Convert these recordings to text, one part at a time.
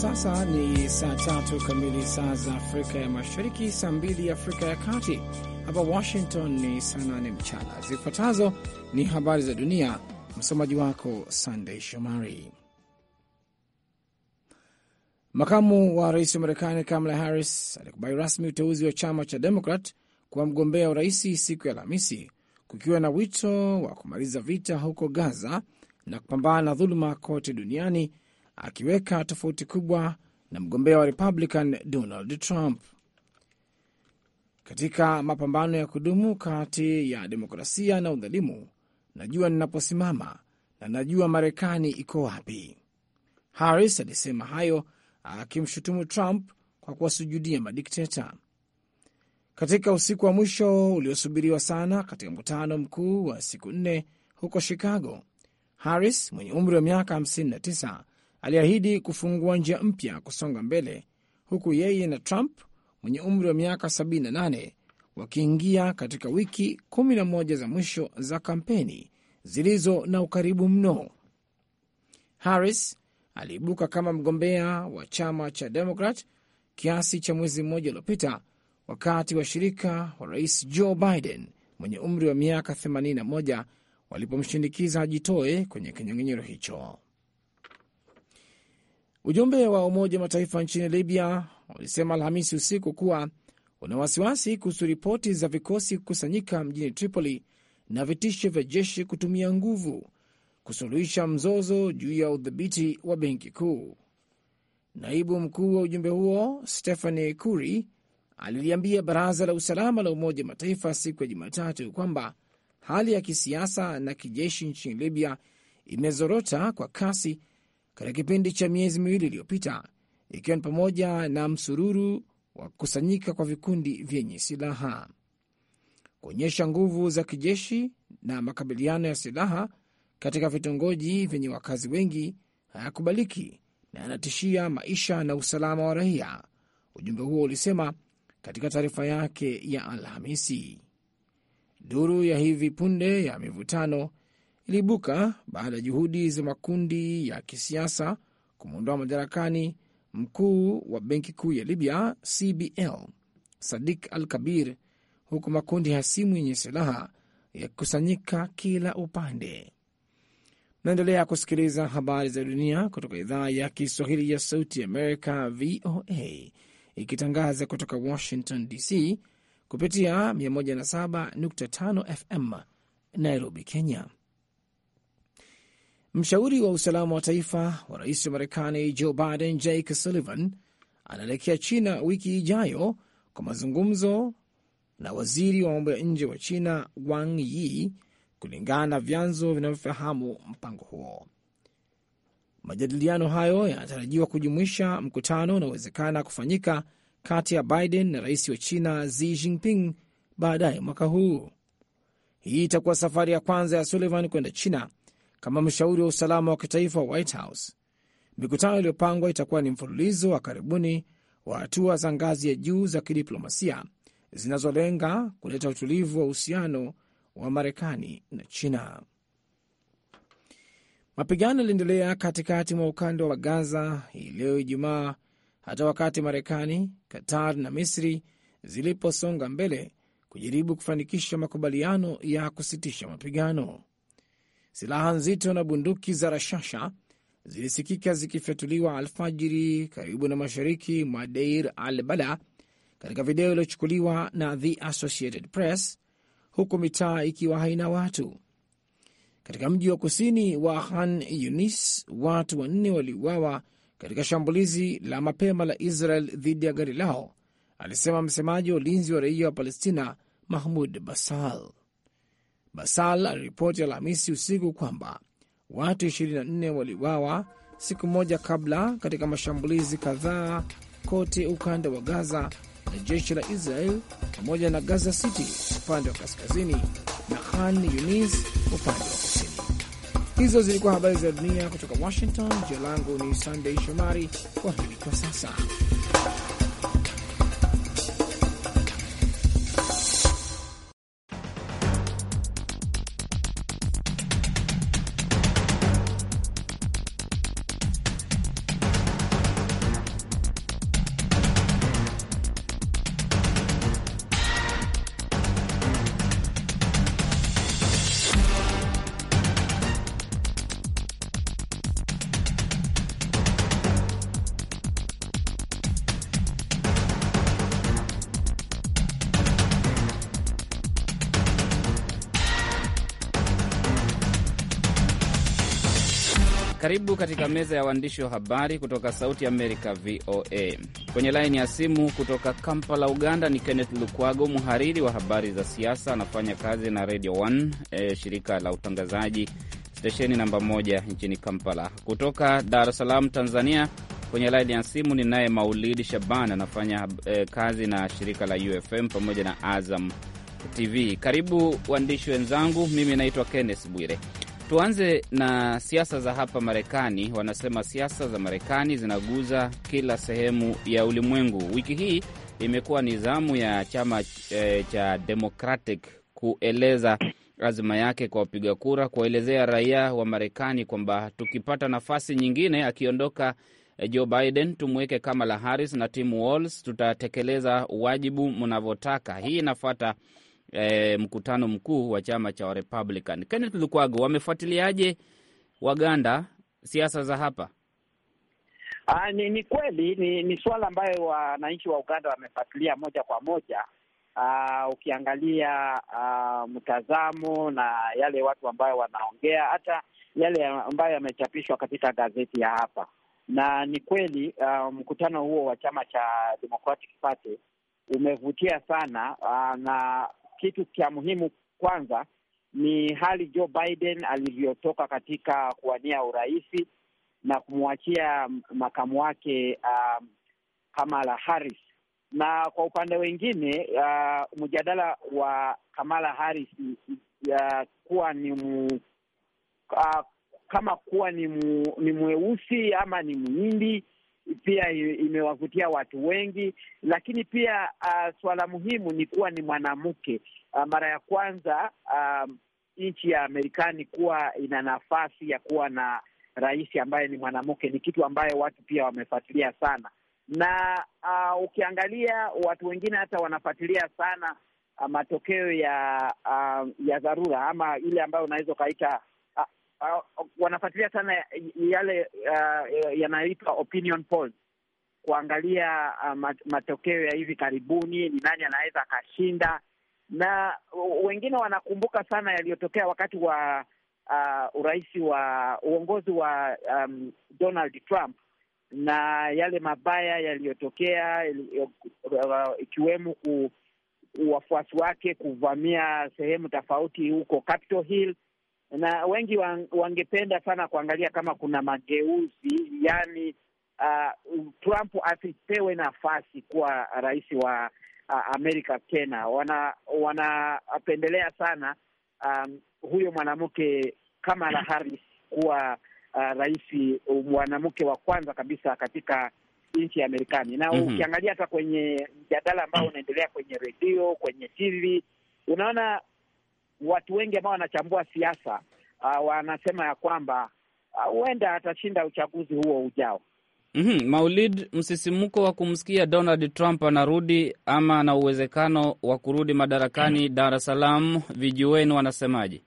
sasa ni saa tatu kamili saa za Afrika ya Mashariki, saa mbili Afrika ya Kati. Hapa Washington ni saa nane mchana. Zifuatazo ni habari za dunia, msomaji wako Sandei Shomari. Makamu wa rais wa Marekani Kamala Harris alikubali rasmi uteuzi wa chama cha Demokrat kuwa mgombea uraisi siku ya Alhamisi, kukiwa na wito wa kumaliza vita huko Gaza na kupambana na dhuluma kote duniani akiweka tofauti kubwa na mgombea wa Republican Donald Trump katika mapambano ya kudumu kati ya demokrasia na udhalimu. Najua ninaposimama na najua Marekani iko wapi. Harris alisema hayo akimshutumu Trump kwa kuwasujudia madikteta. Katika usiku wa mwisho uliosubiriwa sana katika mkutano mkuu wa siku nne huko Chicago, Harris mwenye umri wa miaka 59 aliahidi kufungua njia mpya kusonga mbele, huku yeye na Trump mwenye umri wa miaka 78 wakiingia katika wiki 11 za mwisho za kampeni zilizo na ukaribu mno. Harris aliibuka kama mgombea wa chama cha Demokrat kiasi cha mwezi mmoja uliopita, wakati washirika wa rais Joe Biden mwenye umri wa miaka 81 walipomshindikiza ajitoe kwenye kinyang'anyiro hicho. Ujumbe wa Umoja wa Mataifa nchini Libya ulisema Alhamisi usiku kuwa una wasiwasi kuhusu ripoti za vikosi kukusanyika mjini Tripoli na vitisho vya jeshi kutumia nguvu kusuluhisha mzozo juu ya udhibiti wa benki kuu. Naibu mkuu wa ujumbe huo Stephanie Curry aliliambia baraza la usalama la Umoja wa Mataifa siku ya Jumatatu kwamba hali ya kisiasa na kijeshi nchini Libya imezorota kwa kasi katika kipindi cha miezi miwili iliyopita, ikiwa ni pamoja na msururu wa kukusanyika kwa vikundi vyenye silaha, kuonyesha nguvu za kijeshi na makabiliano ya silaha katika vitongoji vyenye wakazi wengi hayakubaliki na yanatishia maisha na usalama wa raia, ujumbe huo ulisema katika taarifa yake ya Alhamisi. Duru ya hivi punde ya mivutano iliibuka baada ya juhudi za makundi ya kisiasa kumwondoa madarakani mkuu wa benki kuu ya Libya CBL Sadik Al Kabir, huku makundi hasimu yenye silaha yakikusanyika kila upande. Naendelea kusikiliza habari za dunia kutoka idhaa ya Kiswahili ya Sauti Amerika, VOA, ikitangaza kutoka Washington DC kupitia 107.5 FM Nairobi, Kenya. Mshauri wa usalama wa taifa wa rais wa Marekani Joe Biden, Jake Sullivan, anaelekea China wiki ijayo kwa mazungumzo na waziri wa mambo ya nje wa China Wang Yi, kulingana na vyanzo vinavyofahamu mpango huo. Majadiliano hayo yanatarajiwa kujumuisha mkutano unaowezekana kufanyika kati ya Biden na rais wa China Xi Jinping baadaye mwaka huu. Hii itakuwa safari ya kwanza ya Sullivan kwenda China kama mshauri wa usalama wa kitaifa wa White House. Mikutano iliyopangwa itakuwa ni mfululizo wa karibuni wa hatua za ngazi ya juu za kidiplomasia zinazolenga kuleta utulivu wa uhusiano wa Marekani na China. Mapigano yaliendelea katikati mwa ukanda wa Gaza hii leo Ijumaa, hata wakati Marekani, Qatar na Misri ziliposonga mbele kujaribu kufanikisha makubaliano ya kusitisha mapigano. Silaha nzito na bunduki za rashasha zilisikika zikifyatuliwa alfajiri karibu na mashariki mwa Deir al Bala, katika video iliyochukuliwa na The Associated Press, huku mitaa ikiwa haina watu. Katika mji wa kusini wa Khan Yunis, watu wanne waliuawa katika shambulizi la mapema la Israel dhidi ya gari lao, alisema msemaji wa ulinzi wa raia wa Palestina Mahmud Basal. Basal aliripoti Alhamisi usiku kwamba watu 24 waliuawa siku moja kabla katika mashambulizi kadhaa kote ukanda wa Gaza na jeshi la Israel pamoja na Gaza City upande wa kaskazini na Khan Yunis upande wa kusini. Hizo zilikuwa habari za dunia kutoka Washington. Jina langu ni Sandey Shomari. Kwa hili kwa sasa Karibu katika meza ya waandishi wa habari kutoka Sauti Amerika, VOA. Kwenye laini ya simu kutoka Kampala, Uganda, ni Kenneth Lukwago, mhariri wa habari za siasa, anafanya kazi na Radio 1 eh, shirika la utangazaji stesheni namba moja nchini Kampala. Kutoka Dar es Salaam, Tanzania, kwenye laini ya simu ni naye Maulidi Shaban, anafanya eh, kazi na shirika la UFM pamoja na Azam TV. Karibu waandishi wenzangu, mimi naitwa Kenneth Bwire. Tuanze na siasa za hapa Marekani. Wanasema siasa za Marekani zinaguza kila sehemu ya ulimwengu. Wiki hii imekuwa ni zamu ya chama e, cha Democratic kueleza azima yake kwa wapiga kura, kuwaelezea raia wa Marekani kwamba tukipata nafasi nyingine, akiondoka eh, Joe Biden, tumweke Kamala Harris na Tim Walz, tutatekeleza wajibu mnavyotaka. Hii inafuata e, mkutano mkuu wa chama cha Republican. Kenneth Lukwago, wamefuatiliaje Waganda siasa za hapa? Aa, ah, ni, ni kweli ni, ni suala ambayo wananchi wa Uganda wamefuatilia moja kwa moja. Aa, ah, ukiangalia ah, mtazamo na yale watu ambayo wanaongea hata yale ambayo yamechapishwa katika gazeti ya hapa, na ni kweli uh, mkutano huo wa chama cha Democratic Party umevutia sana uh, na kitu cha muhimu kwanza ni hali Joe Biden alivyotoka katika kuwania urahisi na kumwachia makamu wake um, Kamala Harris. Na kwa upande wengine uh, mjadala wa Kamala Harris uh, kuwa ni mu, uh, kama kuwa ni mu, ni mweusi ama ni mhindi pia imewavutia watu wengi, lakini pia uh, suala muhimu ni kuwa ni mwanamke uh, mara ya kwanza uh, nchi ya Marekani kuwa ina nafasi ya kuwa na rais ambaye ni mwanamke ni kitu ambayo watu pia wamefuatilia sana, na uh, ukiangalia watu wengine hata wanafuatilia sana uh, matokeo ya uh, ya dharura ama ile ambayo unaweza ukaita uh, wanafuatilia sana yale uh, yanayoitwa opinion polls kuangalia uh, matokeo ya hivi karibuni, ni nani anaweza akashinda, na wengine wanakumbuka sana yaliyotokea wakati wa uh, urais wa uongozi wa um, Donald Trump na yale mabaya yaliyotokea uh, ikiwemo ku wafuasi wake kuvamia sehemu tofauti huko Capitol Hill na wengi wangependa sana kuangalia kama kuna mageuzi, yani uh, Trump asipewe nafasi kuwa rais wa uh, Amerika tena. Wanapendelea wana sana um, huyo mwanamke Kamala Harris kuwa uh, rais mwanamke wa kwanza kabisa katika nchi ya Marekani na mm -hmm. Ukiangalia hata kwenye mjadala ambao unaendelea kwenye redio, kwenye TV, unaona watu wengi ambao wanachambua siasa uh, wanasema ya kwamba uh, huenda uh, atashinda uchaguzi huo ujao. Mm -hmm. Maulid, msisimko wa kumsikia Donald Trump anarudi ama ana uwezekano wa kurudi madarakani Dar es Salaam, vijiweni wanasemaje?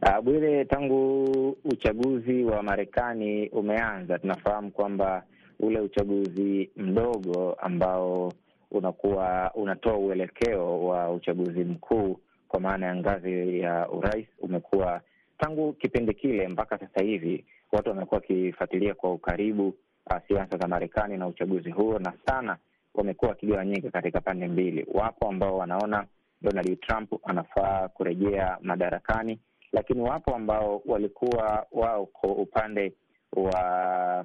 Ah, Bwire, tangu uchaguzi wa Marekani umeanza, tunafahamu kwamba ule uchaguzi mdogo ambao unakuwa unatoa uelekeo wa uchaguzi mkuu kwa maana ya ngazi ya urais umekuwa tangu kipindi kile mpaka sasa hivi, watu wamekuwa wakifuatilia kwa ukaribu uh, siasa za Marekani na uchaguzi huo, na sana wamekuwa wakigawanyika katika pande mbili. Wapo ambao wanaona Donald Trump anafaa kurejea madarakani, lakini wapo ambao walikuwa wao kwa upande wa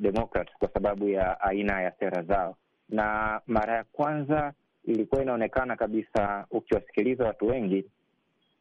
demokrat kwa sababu ya aina ya sera zao. Na mara ya kwanza ilikuwa inaonekana kabisa, ukiwasikiliza watu wengi,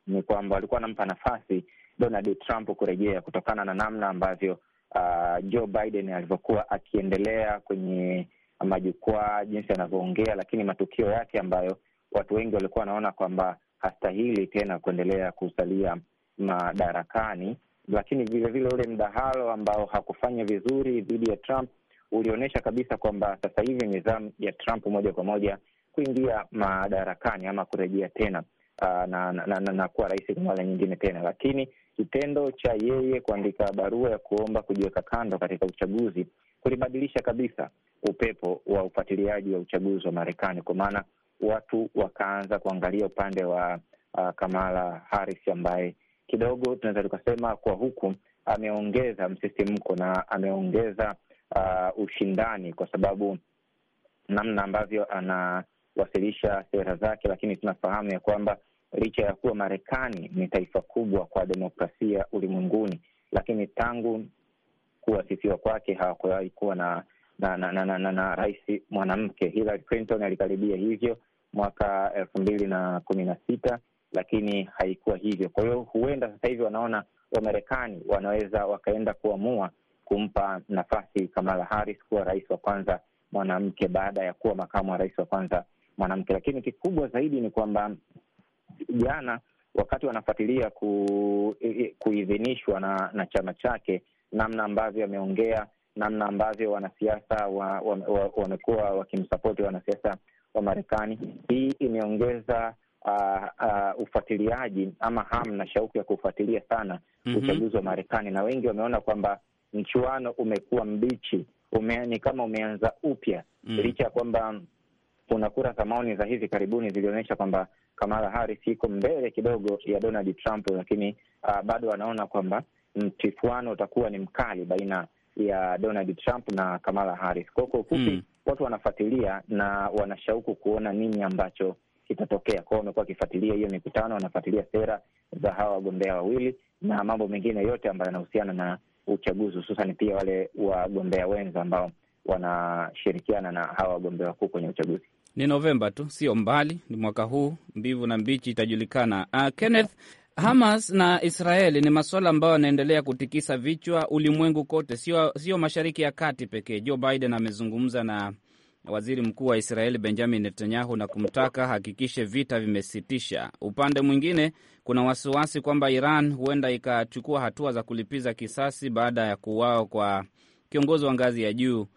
ni kwamba walikuwa wanampa nafasi Donald Trump kurejea kutokana na namna ambavyo uh, Joe Biden alivyokuwa akiendelea kwenye majukwaa, jinsi anavyoongea, lakini matukio yake ambayo watu wengi walikuwa wanaona kwamba hastahili tena kuendelea kusalia madarakani. Lakini vilevile ule mdahalo ambao hakufanya vizuri dhidi ya Trump ulionyesha kabisa kwamba sasa hivi nidhamu ya Trump moja kwa moja kuingia madarakani ama kurejea tena uh, na, na, na, na, kuwa rais kwa mara nyingine tena, lakini kitendo cha yeye kuandika barua ya kuomba kujiweka kando katika uchaguzi kulibadilisha kabisa upepo wa ufuatiliaji wa uchaguzi wa Marekani, kwa maana watu wakaanza kuangalia upande wa uh, Kamala Harris ambaye kidogo tunaweza tukasema kwa huku ameongeza msisimko na ameongeza uh, ushindani kwa sababu namna ambavyo ana kuwasilisha sera zake, lakini tunafahamu ya kwamba licha ya kuwa Marekani ni taifa kubwa kwa demokrasia ulimwenguni, lakini tangu kuwasifiwa kwake hawakuwahi kuwa na na, na, na, na, na, na rais mwanamke. Hillary Clinton alikaribia hivyo mwaka elfu mbili na kumi na sita lakini haikuwa hivyo. Kwa hiyo huenda sasa hivi wanaona Wamarekani wanaweza wakaenda kuamua kumpa nafasi Kamala Harris kuwa rais wa kwanza mwanamke baada ya kuwa makamu wa rais wa kwanza mwanamke. Lakini kikubwa zaidi ni kwamba jana wakati wanafuatilia ku, kuidhinishwa na, na chama chake, namna ambavyo ameongea, namna ambavyo wanasiasa wamekuwa wa, wa, wakimsapoti wanasiasa wa Marekani, hii imeongeza Uh, uh, ufuatiliaji ama hamu na shauku ya kufuatilia sana mm -hmm. uchaguzi wa Marekani, na wengi wameona kwamba mchuano umekuwa mbichi ume, ni kama umeanza upya mm -hmm. licha ya kwamba kuna kura za maoni za hivi karibuni zilionyesha kwamba Kamala Harris iko mbele kidogo ya Donald Trump, lakini uh, bado wanaona kwamba mtifuano utakuwa ni mkali baina ya Donald Trump na Kamala Harris. Kwa kwa ufupi mm, watu wanafuatilia na wanashauku kuona nini ambacho kitatokea kwao. Wamekuwa wakifuatilia hiyo mikutano, wanafuatilia sera za hawa wagombea wawili na mambo mengine yote ambayo yanahusiana na uchaguzi, hususan pia wale wagombea wenza ambao wanashirikiana na hawa wagombea wakuu kwenye uchaguzi ni Novemba tu, sio mbali, ni mwaka huu, mbivu na mbichi itajulikana. Uh, Kenneth, Hamas na Israeli ni masuala ambayo yanaendelea kutikisa vichwa ulimwengu kote, sio sio mashariki ya kati pekee. Joe Biden amezungumza na waziri mkuu wa Israeli Benjamin Netanyahu na kumtaka hakikishe vita vimesitisha. Upande mwingine, kuna wasiwasi kwamba Iran huenda ikachukua hatua za kulipiza kisasi baada ya kuuawa kwa kiongozi wa ngazi ya juu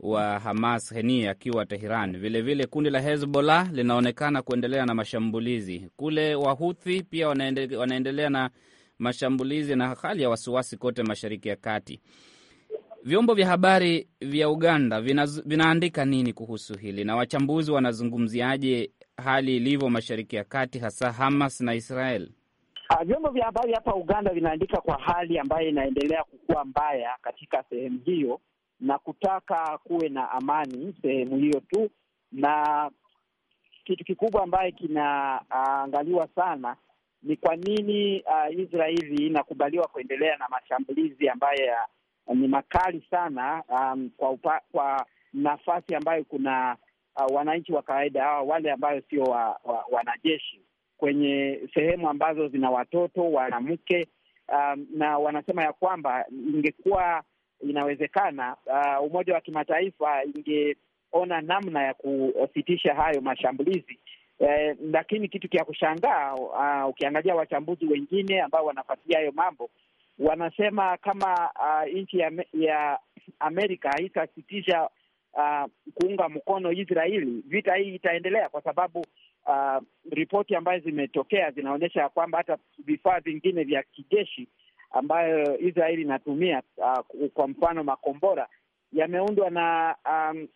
wa Hamas heni akiwa Teheran. Vilevile kundi la Hezbollah linaonekana kuendelea na mashambulizi kule. Wahuthi pia wanaendelea na mashambulizi na hali ya wasiwasi kote Mashariki ya Kati. Vyombo vya habari vya Uganda vina, vinaandika nini kuhusu hili na wachambuzi wanazungumziaje hali ilivyo Mashariki ya Kati, hasa Hamas na Israel? Ah, vyombo vya habari hapa Uganda vinaandika kwa hali ambayo inaendelea kukuwa mbaya katika sehemu hiyo na kutaka kuwe na amani sehemu hiyo tu, na kitu kikubwa ambaye kinaangaliwa sana ni kwa nini uh, Israeli inakubaliwa kuendelea na mashambulizi ambayo uh, ni makali sana um, kwa, upa, kwa nafasi ambayo kuna uh, wananchi wa kawaida hawa wale ambayo sio wa, wa, wanajeshi kwenye sehemu ambazo zina watoto, wanamke um, na wanasema ya kwamba ingekuwa inawezekana uh, Umoja wa Kimataifa ingeona namna ya kusitisha hayo mashambulizi eh, lakini kitu cha kushangaa uh, ukiangalia wachambuzi wengine ambao wanafuatilia hayo mambo wanasema kama uh, nchi ya, ya Amerika haitasitisha uh, kuunga mkono Israeli, vita hii itaendelea kwa sababu uh, ripoti ambazo zimetokea zinaonyesha kwamba hata vifaa vingine vya kijeshi ambayo Israeli inatumia uh, kwa mfano makombora yameundwa na um,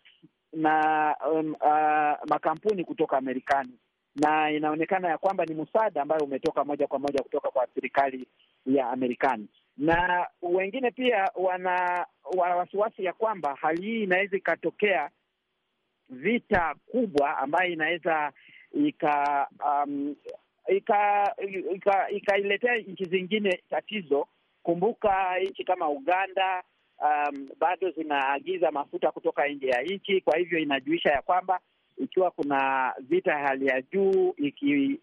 na um, uh, makampuni kutoka Amerikani na inaonekana ya kwamba ni msaada ambayo umetoka moja kwa moja kutoka kwa serikali ya Amerikani, na wengine pia wana wasiwasi ya kwamba hali hii inaweza ikatokea vita kubwa ambayo inaweza ika um, ikailetea ika, ika nchi zingine tatizo. Kumbuka nchi kama Uganda um, bado zinaagiza mafuta kutoka nje ya nchi. Kwa hivyo inajuisha ya kwamba ikiwa kuna vita hali ya juu iki,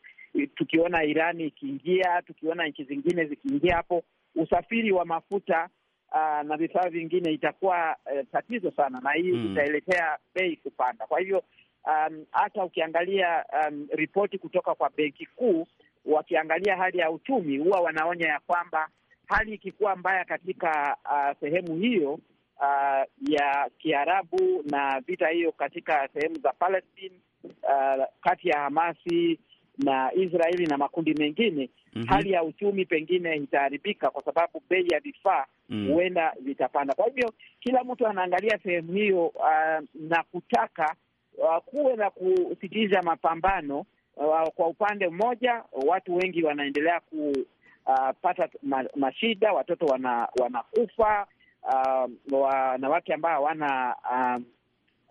tukiona Irani ikiingia, tukiona nchi zingine zikiingia hapo, usafiri wa mafuta uh, na vifaa vingine itakuwa uh, tatizo sana, na hii mm, itailetea bei kupanda. Kwa hivyo Um, hata um, ukiangalia um, ripoti kutoka kwa benki kuu, wakiangalia hali ya uchumi huwa wanaonya ya kwamba hali ikikuwa mbaya katika uh, sehemu hiyo uh, ya Kiarabu na vita hiyo katika sehemu za Palestine uh, kati ya Hamasi na Israeli na makundi mengine mm -hmm. Hali ya uchumi pengine itaharibika kwa sababu bei ya vifaa mm. huenda mm -hmm. vitapanda. Kwa hivyo kila mtu anaangalia sehemu hiyo uh, na kutaka Uh, kuwe na kusitiza mapambano uh, kwa upande mmoja, watu wengi wanaendelea kupata uh, mashida, watoto wana, wanakufa uh, wanawake ambao hawana uh,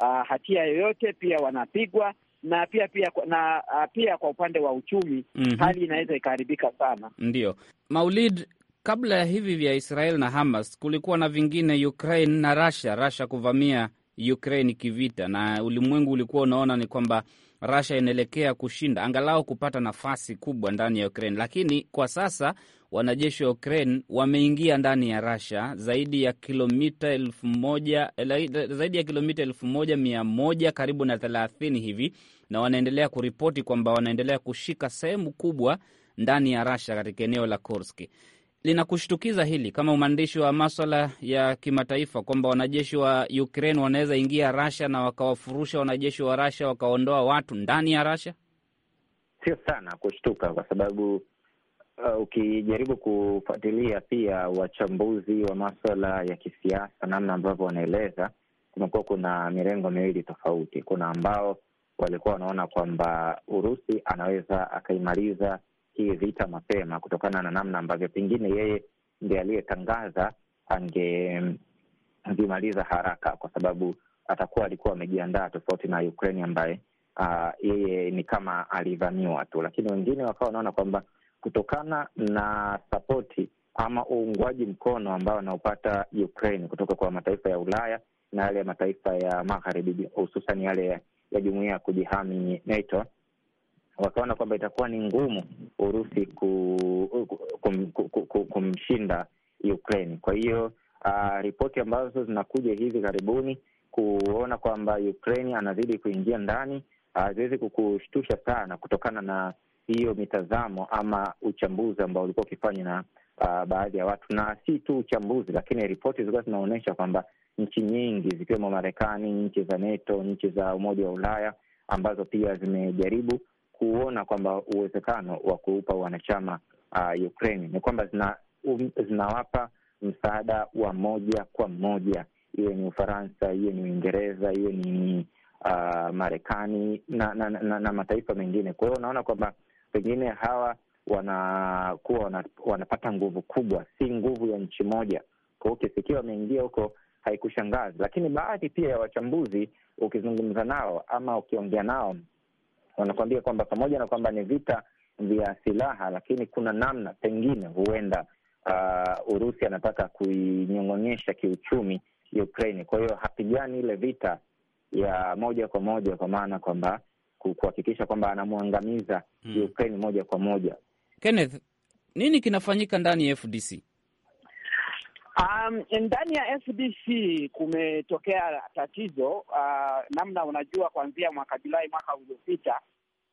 uh, hatia yoyote pia wanapigwa na pia pia na pia kwa upande wa uchumi mm -hmm. Hali inaweza ikaharibika sana. Ndio Maulid, kabla ya hivi vya Israel na Hamas kulikuwa na vingine Ukraine na Russia, Russia kuvamia Ukraine kivita, na ulimwengu ulikuwa unaona ni kwamba Russia inaelekea kushinda, angalau kupata nafasi kubwa ndani ya Ukraine, lakini kwa sasa wanajeshi wa Ukraine wameingia ndani ya Russia zaidi ya kilomita elfu moja zaidi ya kilomita elfu moja mia moja karibu na thelathini hivi, na wanaendelea kuripoti kwamba wanaendelea kushika sehemu kubwa ndani ya Russia katika eneo la Kursk linakushtukiza hili kama mwandishi wa maswala ya kimataifa kwamba wanajeshi wa Ukraine wanaweza ingia Rasha na wakawafurusha wanajeshi wa Rasha wakaondoa watu ndani ya Rasha? Sio sana kushtuka kwa sababu Uh, ukijaribu kufuatilia pia wachambuzi wa maswala ya kisiasa, namna ambavyo wanaeleza, kumekuwa kuna mirengo miwili tofauti. Kuna ambao walikuwa wanaona kwamba Urusi anaweza akaimaliza hii vita mapema, kutokana na namna ambavyo pengine yeye ndiye aliyetangaza angevimaliza haraka, kwa sababu atakuwa alikuwa amejiandaa tofauti na Ukraine ambaye uh, yeye ni kama alivamiwa tu, lakini wengine wakawa wanaona kwamba kutokana na sapoti ama uungwaji mkono ambao anaopata Ukraine kutoka kwa mataifa ya Ulaya na yale ya mataifa ya magharibi hususan yale ya jumuia ya kujihami NATO wakaona kwamba itakuwa ni ngumu Urusi ku, kumshinda Ukraine. Kwa hiyo uh, ripoti ambazo zinakuja hivi karibuni kuona kwamba Ukraine anazidi kuingia ndani haziwezi uh, kukushtusha sana kutokana na hiyo mitazamo ama uchambuzi ambao ulikuwa ukifanywa na uh, baadhi ya watu, na si tu uchambuzi, lakini ripoti zilikuwa zinaonyesha kwamba nchi nyingi zikiwemo Marekani, nchi za NATO, nchi za Umoja wa Ulaya ambazo pia zimejaribu kuona kwamba uwezekano wa kuupa wanachama uh, Ukraine ni kwamba zina, um, zinawapa msaada wa moja kwa moja, iwe ni Ufaransa, iwe ni Uingereza, iwe ni uh, Marekani na, na, na, na mataifa mengine. Kwa hiyo unaona kwamba pengine hawa wanakuwa wana, wanapata nguvu kubwa, si nguvu ya nchi moja. Kwa hiyo ukisikia wameingia huko haikushangazi, lakini baadhi pia ya wachambuzi ukizungumza nao ama ukiongea nao wanakuambia kwamba pamoja na kwamba ni vita vya silaha, lakini kuna namna pengine huenda uh, Urusi anataka kuinyong'onyesha kiuchumi Ukraine. Kwa hiyo hapigani ile vita ya moja kwa moja, kwa maana kwamba kuhakikisha kwamba anamwangamiza hmm, Ukraine moja kwa moja. Kenneth, nini kinafanyika ndani ya FDC? Um, ndani ya SBC kumetokea tatizo uh, namna unajua, kuanzia mwaka Julai mwaka uliopita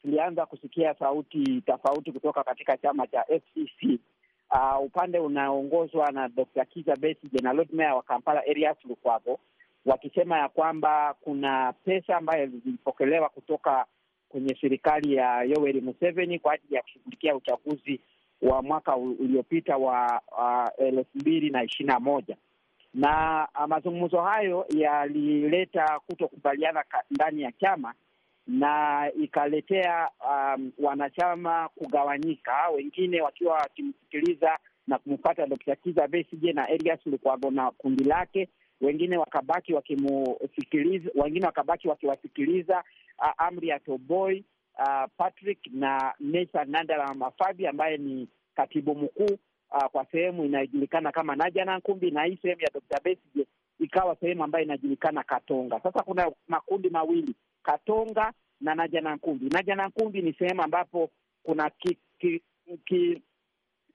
tulianza kusikia sauti tofauti kutoka katika chama cha FCC. Uh, upande unaoongozwa na Dr. Kiza Besigye na Lord Mayor wa Kampala Erias Lukwago wakisema ya kwamba kuna pesa ambayo zilipokelewa kutoka kwenye serikali ya Yoweri Museveni kwa ajili ya kushughulikia uchaguzi wa mwaka uliopita wa elfu mbili na ishirini na moja na ah, mazungumzo hayo yalileta kutokubaliana ndani ya chama na ikaletea um, wanachama kugawanyika, wengine wakiwa wakimsikiliza na kumfata Dkt. Kizza Besigye na Elias Lukwago na kundi lake, wengine wakabaki wakimusikiliza, wengine wakabaki wakiwasikiliza uh, amri ya Toboi uh, Patrick na Nesa Nandala Mafabi ambaye ni katibu mkuu uh, kwa sehemu inayojulikana kama Naja na hii sehemu ya Dr. Besigye ikawa sehemu ambayo inajulikana Katonga. Sasa kuna makundi mawili, Katonga na na Nkumbi ni sehemu ambapo kuna ki, ki, ki,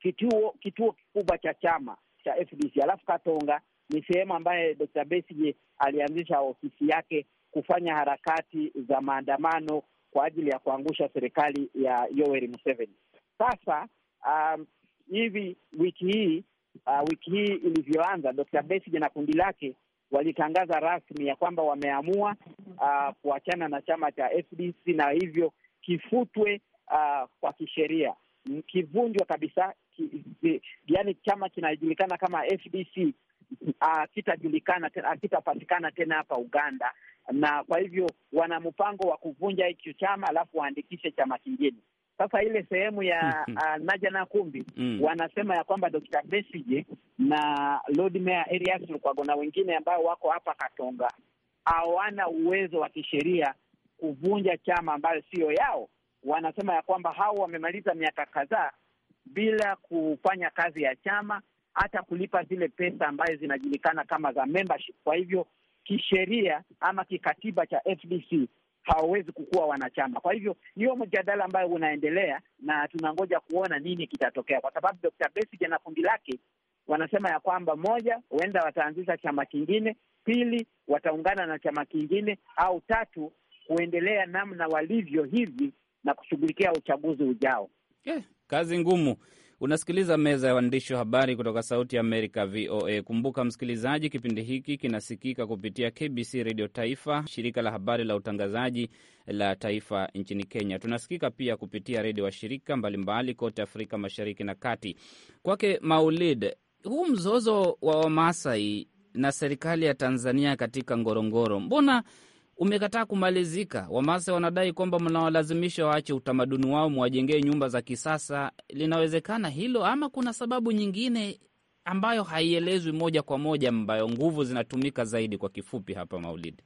kituo kituo kikubwa cha chama cha FDC, alafu Katonga ni sehemu ambaye Dr. Besigye alianzisha ofisi yake kufanya harakati za maandamano kwa ajili ya kuangusha serikali ya Yoweri Museveni. Sasa um, hivi wiki hii uh, wiki hii ilivyoanza, Dr. Besigye na kundi lake walitangaza rasmi ya kwamba wameamua uh, kuachana na chama cha FDC na hivyo kifutwe uh, kwa kisheria, kivunjwa kabisa ki, ki, yani chama kinajulikana kama FDC akitajulikana akitapatikana tena hapa Uganda, na kwa hivyo wana mpango wa kuvunja hicho chama alafu waandikishe chama kingine. Sasa ile sehemu ya uh, Naja Kumbi mm. wanasema ya kwamba Dr. Besigye na Lord Mayor Erias Lukwago na wengine ambao wako hapa Katonga hawana uwezo wa kisheria kuvunja chama ambayo siyo yao. Wanasema ya kwamba hao wamemaliza miaka kadhaa bila kufanya kazi ya chama hata kulipa zile pesa ambazo zinajulikana kama za membership. Kwa hivyo kisheria ama kikatiba cha FDC hawawezi kukuwa wanachama. Kwa hivyo ndio mjadala ambayo unaendelea, na tunangoja kuona nini kitatokea, kwa sababu Dr. Besigye na kundi lake wanasema ya kwamba moja, huenda wataanzisha chama kingine; pili, wataungana na chama kingine; au tatu, kuendelea namna walivyo hivi na kushughulikia uchaguzi ujao. Eh, kazi ngumu. Unasikiliza meza ya waandishi wa habari kutoka Sauti ya Amerika, VOA. Kumbuka msikilizaji, kipindi hiki kinasikika kupitia KBC Redio Taifa, shirika la habari la utangazaji la taifa nchini Kenya. Tunasikika pia kupitia redio shirika mbalimbali kote Afrika Mashariki na Kati. Kwake Maulid, huu mzozo wa Wamasai na serikali ya Tanzania katika Ngorongoro, mbona umekataa kumalizika. Wamasa wanadai kwamba mnawalazimisha waache utamaduni wao, mwajengee nyumba za kisasa. Linawezekana hilo ama kuna sababu nyingine ambayo haielezwi moja kwa moja, ambayo nguvu zinatumika zaidi? Kwa kifupi hapa, Maulidi.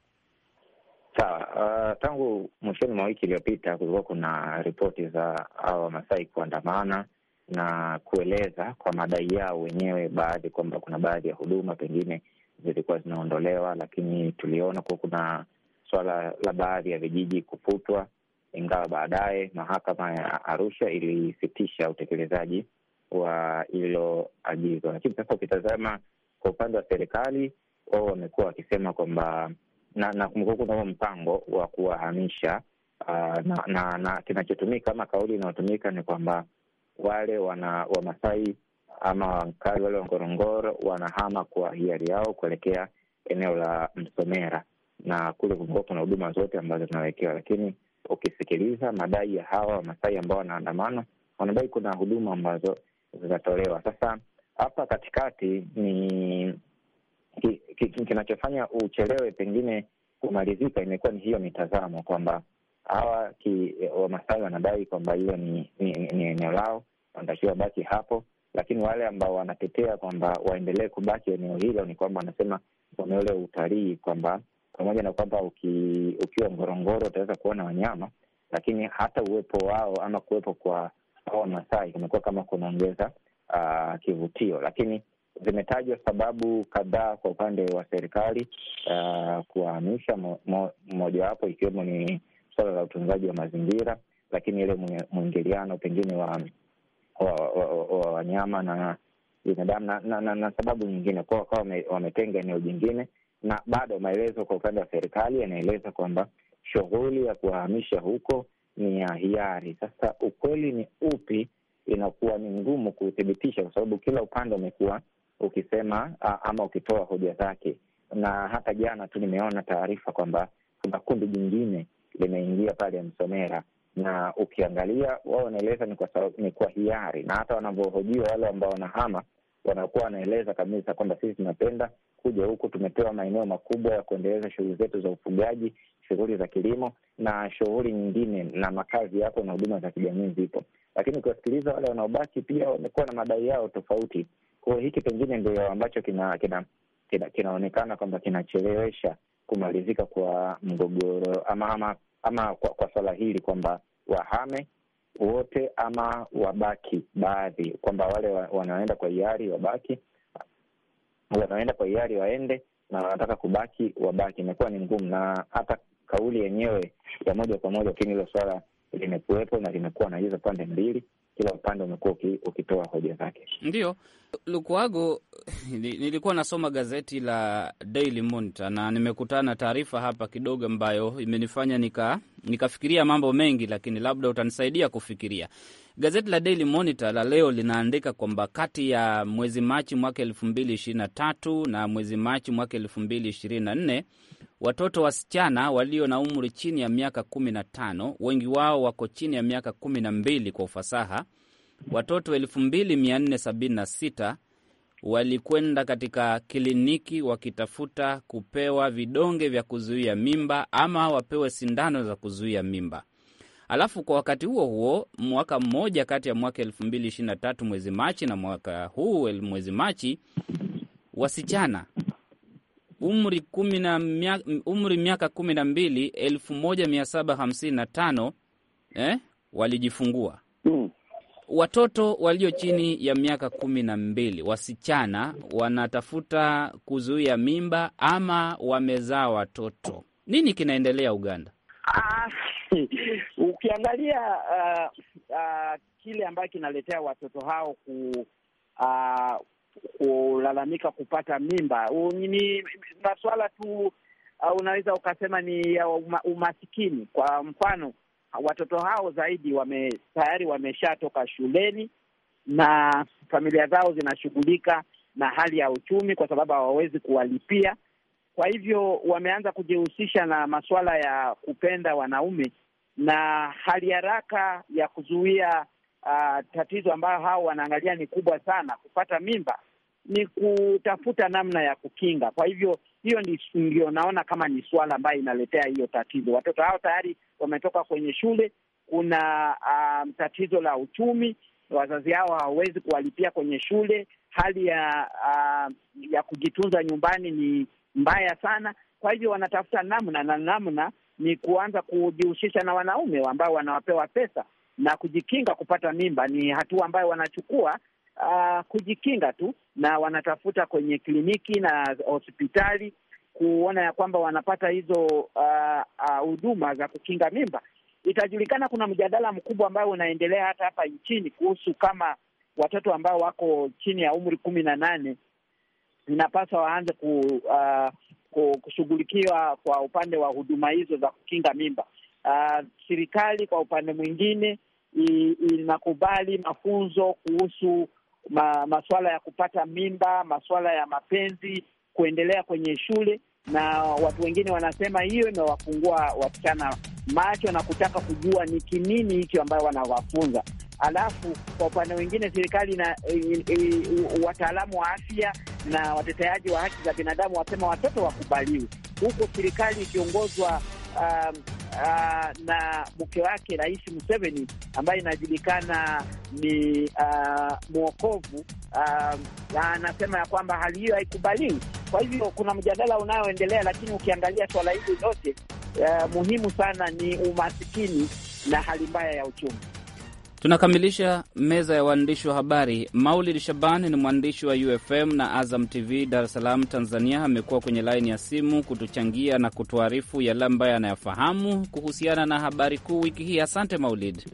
Sawa. Uh, tangu mwishoni mwa wiki iliyopita kulikuwa kuna ripoti za hawa Wamasai kuandamana na kueleza kwa madai yao wenyewe, baadhi kwamba kuna baadhi ya huduma pengine zilikuwa zinaondolewa, lakini tuliona kuwa kuna suala la baadhi ya vijiji kufutwa, ingawa baadaye mahakama ya Arusha ilisitisha utekelezaji wa hilo agizo. Lakini sasa ukitazama kwa upande wa serikali, wao wamekuwa wakisema kwamba na, na kumekuwa kuna mpango wa kuwahamisha uh, na, na, na kinachotumika ama kauli inayotumika ni kwamba wale wana Wamasai ama wakazi wale wa Ngorongoro wanahama kwa hiari yao kuelekea eneo la Msomera na kule kuna huduma zote ambazo zinawekewa lakini ukisikiliza madai ya hawa Wamasai ambao wanaandamana, wanadai kuna huduma ambazo zinatolewa. Sasa hapa katikati ni kinachofanya uchelewe pengine kumalizika, imekuwa ni hiyo mitazamo kwamba hawa Wamasai wanadai kwamba hilo ni eneo lao, wanatakiwa wabaki hapo, lakini wale ambao wanatetea kwamba waendelee kubaki eneo hilo ni kwamba wanasema wameule utalii kwamba pamoja na kwamba uki, ukiwa Ngorongoro utaweza kuona wanyama, lakini hata uwepo wao ama kuwepo kwa hao Wamasai kumekuwa kama kunaongeza uh, kivutio. Lakini zimetajwa sababu kadhaa kwa upande wa serikali uh, kuwahamisha, mojawapo mo, ikiwemo ni suala la utunzaji wa mazingira, lakini ile mwingiliano pengine wa wa wanyama na binadamu na, na, na, na sababu nyingine, kwa wakawa wametenga eneo jingine na bado maelezo kwa upande wa serikali yanaeleza kwamba shughuli ya kuwahamisha huko ni ya hiari. Sasa ukweli ni upi, inakuwa ni ngumu kuthibitisha, kwa sababu kila upande umekuwa ukisema ama ukitoa hoja zake, na hata jana tu nimeona taarifa kwamba kuna kundi jingine limeingia pale Msomera, na ukiangalia wao wanaeleza ni kwa, ni kwa hiari, na hata wanavyohojiwa wale ambao wanahama wanakuwa wanaeleza kabisa kwamba sisi tunapenda kuja huku, tumepewa maeneo makubwa ya kuendeleza shughuli zetu za ufugaji, shughuli za kilimo na shughuli nyingine, na makazi yapo na huduma za kijamii zipo. Lakini ukiwasikiliza wale wanaobaki, pia wamekuwa na madai yao tofauti. Kwa hiyo hiki pengine ndio ambacho kina kina kinaonekana kina kwamba kinachelewesha kumalizika kwa mgogoro ama ama, ama kwa, kwa swala hili kwamba wahame wote ama wabaki baadhi, kwamba wale wanaoenda kwa hiari wabaki, wanaoenda kwa hiari waende, na wanataka kubaki wabaki. Imekuwa ni ngumu, na hata kauli yenyewe ya moja kwa moja, lakini hilo swala limekuwepo na limekuwa na hizo pande mbili, kila upande umekuwa ukitoa hoja zake. Ndio Lukwago, nilikuwa nasoma gazeti la Daily Monitor na nimekutana taarifa hapa kidogo ambayo imenifanya nika nikafikiria mambo mengi, lakini labda utanisaidia kufikiria. Gazeti la Daily Monitor la leo linaandika kwamba kati ya mwezi Machi mwaka elfu mbili ishirini na tatu na mwezi Machi mwaka elfu mbili ishirini na nne Watoto wasichana walio na umri chini ya miaka kumi na tano, wengi wao wako chini ya miaka kumi na mbili kwa ufasaha. Watoto 2476 walikwenda katika kliniki wakitafuta kupewa vidonge vya kuzuia mimba ama wapewe sindano za kuzuia mimba. Alafu kwa wakati huo huo, mwaka mmoja kati ya mwaka 2023 mwezi Machi na mwaka huu mwezi Machi, wasichana umri kumi umri miaka kumi na mbili elfu moja mia saba hamsini na tano eh, walijifungua mm. Watoto walio chini ya miaka kumi na mbili wasichana wanatafuta kuzuia mimba ama wamezaa watoto. Nini kinaendelea Uganda? Ah, ukiangalia uh, uh, kile ambacho kinaletea watoto hao ku, uh, kulalamika kupata mimba ni maswala tu, uh, unaweza ukasema ni ya umasikini. Kwa mfano, watoto hao zaidi wame, tayari wameshatoka shuleni na familia zao zinashughulika na hali ya uchumi, kwa sababu hawawezi kuwalipia. Kwa hivyo wameanza kujihusisha na masuala ya kupenda wanaume na hali haraka ya kuzuia uh, tatizo ambayo hao wanaangalia ni kubwa sana, kupata mimba, ni kutafuta namna ya kukinga. Kwa hivyo hiyo ndio naona kama ni suala ambayo inaletea hiyo tatizo. Watoto hao tayari wametoka kwenye shule, kuna um, tatizo la uchumi, wazazi hao hawawezi kuwalipia kwenye shule, hali ya uh, ya kujitunza nyumbani ni mbaya sana. Kwa hivyo wanatafuta namna na namna ni kuanza kujihusisha na wanaume ambao wanawapewa pesa na kujikinga kupata mimba ni hatua ambayo wanachukua uh, kujikinga tu, na wanatafuta kwenye kliniki na hospitali kuona ya kwamba wanapata hizo ah, ah, huduma uh, uh, za kukinga mimba. Itajulikana kuna mjadala mkubwa ambayo unaendelea hata hapa nchini kuhusu kama watoto ambao wako chini ya umri kumi na nane inapaswa waanze ku, uh, kushughulikiwa kwa upande wa huduma hizo za kukinga mimba uh, serikali kwa upande mwingine inakubali mafunzo kuhusu ma, masuala ya kupata mimba, masuala ya mapenzi kuendelea kwenye shule, na watu wengine wanasema hiyo imewafungua wasichana macho na kutaka kujua ni kinini hicho ambayo wanawafunza. Alafu kwa upande mwingine serikali na wataalamu wa afya na wateteaji wa haki za binadamu wasema watoto wakubaliwe, huku serikali ikiongozwa um, uh, na mke wake Rais Museveni ambaye inajulikana ni uh, mwokovu um, anasema ya kwamba hali hiyo haikubaliwi. Kwa hivyo kuna mjadala unaoendelea, lakini ukiangalia swala hili lote uh, muhimu sana ni umasikini na hali mbaya ya uchumi. Tunakamilisha meza ya waandishi wa habari. Maulid Shaban ni mwandishi wa UFM na Azam TV Dar es Salaam, Tanzania. Amekuwa kwenye laini ya simu kutuchangia na kutuarifu yale ambayo anayafahamu kuhusiana na habari kuu wiki hii. Asante Maulid.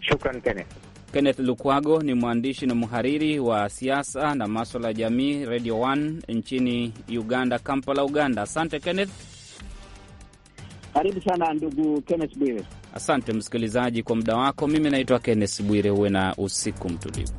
Shukran Kenneth. Kenneth Lukwago ni mwandishi na mhariri wa siasa na maswala ya jamii, Radio 1 nchini Uganda, Kampala, Uganda. Asante Kenneth. Karibu sana ndugu Kenneth Bwire. Asante msikilizaji kwa muda wako. Mimi naitwa Kenneth Bwire. Uwe na usiku mtulivu.